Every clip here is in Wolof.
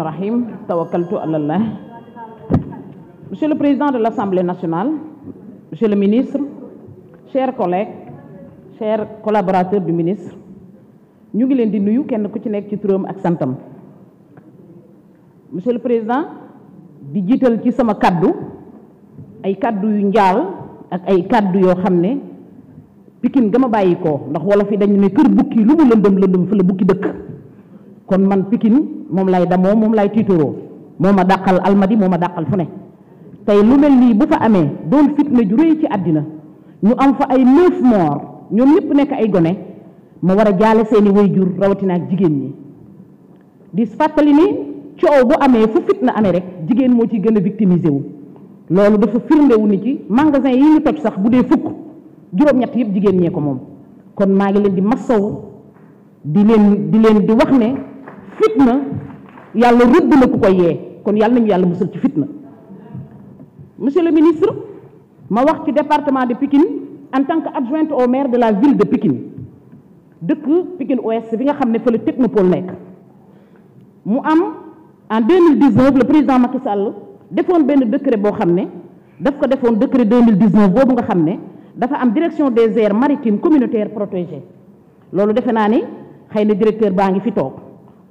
Rahim, tawakkaltu Allah. Monsieur le Président de l'Assemblée nationale, Monsieur le Ministre, chers collègues, chers collaborateurs du ministre, ñu ngi leen di nuyu kenn ku ci nekk ci ak santam. Monsieur le Président digital jiital ci sama cadeau, ay kaddu yu njaal ak ay kaddu yo xam ne Pikine gama bayiko, ko ndax wolof ne kër buki lu mu lëndëm lëndëm fa la kon man Pikine. moom lay damoo moom lay tiitoroo moo ma dàqal almadi moo ma dàqal fu ne tey lu mel nii bu fa amee doon fitna ju ci àddina ñu am fa ay neuf morts ñoom ñëpp nekk ay gone ma war a jaale seeni waajur rawatina ak jigéen ñi di fàttali ni coow bu amee fu fitna amee rek jigéen moo ciy gën a victimisé wu loolu dafa firnde wu ni ci magasin yi ñu toj sax bu dee fukk juróom-ñett yëpp jigéen ñee ko moom kon maa ngi leen di massaw di leen di leen di wax ne fitna yàlla rëbb na ku ko yee kon yàlla nañu yàlla musal ci fitna monsieur le ministre ma wax ci département de Pikine en tant que au maire de la ville de Pikine dëkk Pikine Ouest bi nga xam ne fa la technopole nekk mu am en 2019 le président Macky Sall defoon benn décret boo xam ne daf ko defoon décret 2019 boobu nga xam ne dafa am direction des aires maritimes communautaires protégées loolu defe naa ni xëy na directeur baa ngi fi toog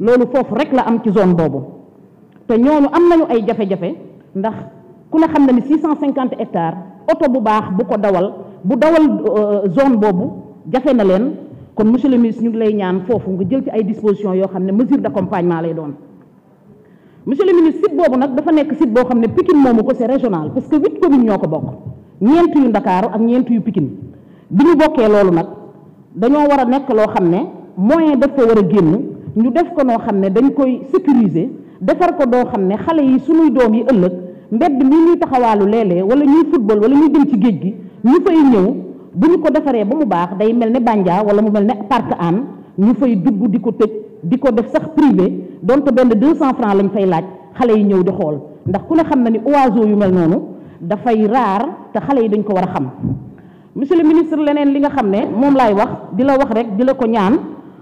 loolu foofu rek la am ci zone boobu te ñooñu am nañu ay jafe-jafe ndax ku ne xam ne ni 650 hectares oto bu baax bu ko dawal bu dawal euh, zone boobu jafe na leen kon monsieur le ministre ñu ngi lay ñaan foofu nga jël ci ay dispositions yoo xam ne mesure d'accompagnement lay doon. monsieur le ministre site boobu nag dafa nekk site boo xam ne Pikine moomu ko c'est régional parce que huit communes ñoo ko bokk ñeent yu Ndakaaru ak ñeent yu Pikine bi ñu bokkee loolu nag dañoo war a nekk loo xam ne moyen daf ko war a génn. ñu def ko noo xam ne dañ koy sécuriser defar ko doo xam ne xale yi suñuy doom yi ëllëg mbedd mi ñuy taxawaalu léeg-léeg wala ñuy football wala ñuy dem ci géej gi ñu fay ñëw bu ñu ko defaree ba mu baax day mel ne Bandia wala mu mel ne Parc Hann ñu fay dugg di ko tëj di ko def sax privé donte benn 200 francs lañ fay laaj xale yi ñëw di xool ndax ku ne xam na ni oiseau yu mel noonu dafay raar te xale yi dañ ko war a xam monsieur le ministre leneen li nga xam ne moom laay wax di la wax rek di la ko ñaan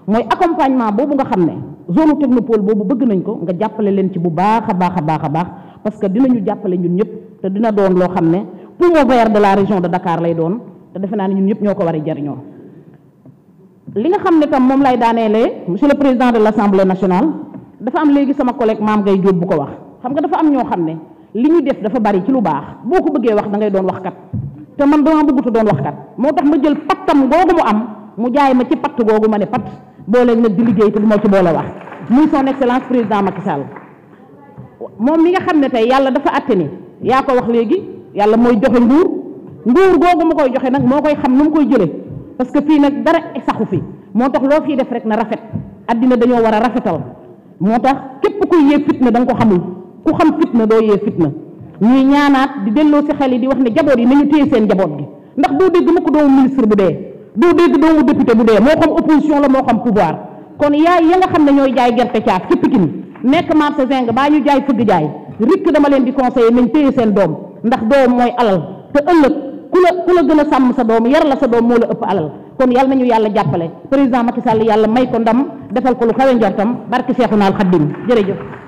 mooy accompagnement boobu nga xam ne zone technopole boobu bëgg nañ ko nga jàppale leen ci bu baax a baax a baax a baax parce que dinañu jàppale ñun ñëpp te dina doon loo xam ne poumon vert de la région de dakaar lay doon te defe naa ne ñun ñëpp ñoo ko war a jariñoo li nga xam ne tam moom lay daaneelee monsieur le président de l' assemblée nationale dafa am léegi sama collègue maam ngay Diop bu ko wax xam nga dafa am ñoo xam ne li ñu def dafa bari ci lu baax boo ko bëggee wax da doon wax kat te man dama bëggutu doon wax kat moo tax ma jël pattam googu mu am mu jaay ma ci patt googu ma ne patt booleeg nag di liggéey te bu ma ci boole wax muy son excellence président Macky Sall moom mi nga xam ne tey yàlla dafa àtte ni yaa ko wax léegi yàlla mooy joxe nguur nguur googu mu koy joxe nag moo koy xam nu mu koy jële parce que fii nag dara saxu fi moo tax loo fii def rek na rafet addina dañoo war a rafetal moo tax képp kuy yee fitna da nga ko xamul ku xam fitna doo yee fitna ñuy ñaanaat di delloo si xel yi di wax ne jaboot yi nañu téye seen jaboot gi ndax doo dégg mukk doomu ministre bu dee doo dégg doomu député bu dee moo xam opposition la moo xam pouvoir kon yaay ya nga xam ne ñooy jaay gerte caaf ci Pikine nekk marché zinc baa ñu jaay fëgg jaay rikk dama leen di conseiller nañ téye seen doom ndax doom mooy alal te ëllëg ku la ku la gën a sàmm sa doom yar la sa doom moo la ëpp alal kon yàlla nañu yàlla jàppale président Macky Sall yàlla may ko ndam defal ko lu xawe njortam barki Seexu naal Xaddim jërëjëf